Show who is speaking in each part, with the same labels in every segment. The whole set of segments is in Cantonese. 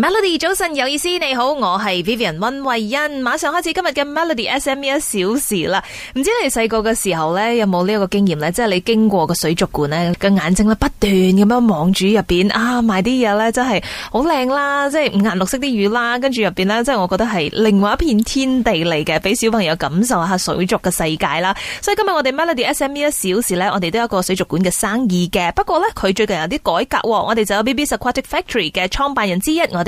Speaker 1: Melody 早晨有意思，你好，我係 Vivian 溫慧欣，馬上開始今日嘅 Melody S M E 一小時啦。唔知你細個嘅時候咧，有冇呢一個經驗咧？即係你經過個水族館咧，嘅眼睛咧不斷咁樣望住入邊啊，賣啲嘢，咧真係好靚啦，即係五顏六色啲魚啦，跟住入邊咧，即係我覺得係另外一片天地嚟嘅，俾小朋友感受下水族嘅世界啦。所以今日我哋 Melody S M E 一小時咧，我哋都有一個水族館嘅生意嘅，不過咧佢最近有啲改革，我哋就有 B B S Aquatic Factory 嘅創辦人之一我。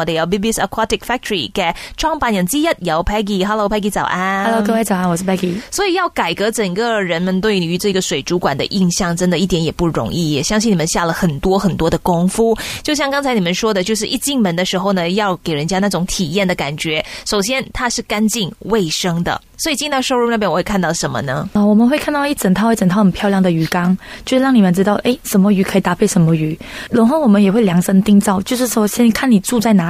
Speaker 1: 我哋有 BBS Aquatic Factory 嘅創辦人之一由 Peggy，Hello Peggy, Hello, Peggy 早安，Hello 各位早安，我是 Peggy。所以要改革整個人們對於這個水族館的印象，真的一點也不容易，也相信你們下了很多很多的功夫。就像剛才你們說的，就是一進門的時候呢，要給人家那種體驗的感覺。首先，它是乾淨衛生的，所以進到 show room 那邊我會看到什麼呢？
Speaker 2: 啊、哦，我們會看到一整套一整套很漂亮的魚缸，就是，讓你們知道誒，什麼魚可以搭配什麼魚。然後我們也會量身定造，就是說先看你住在哪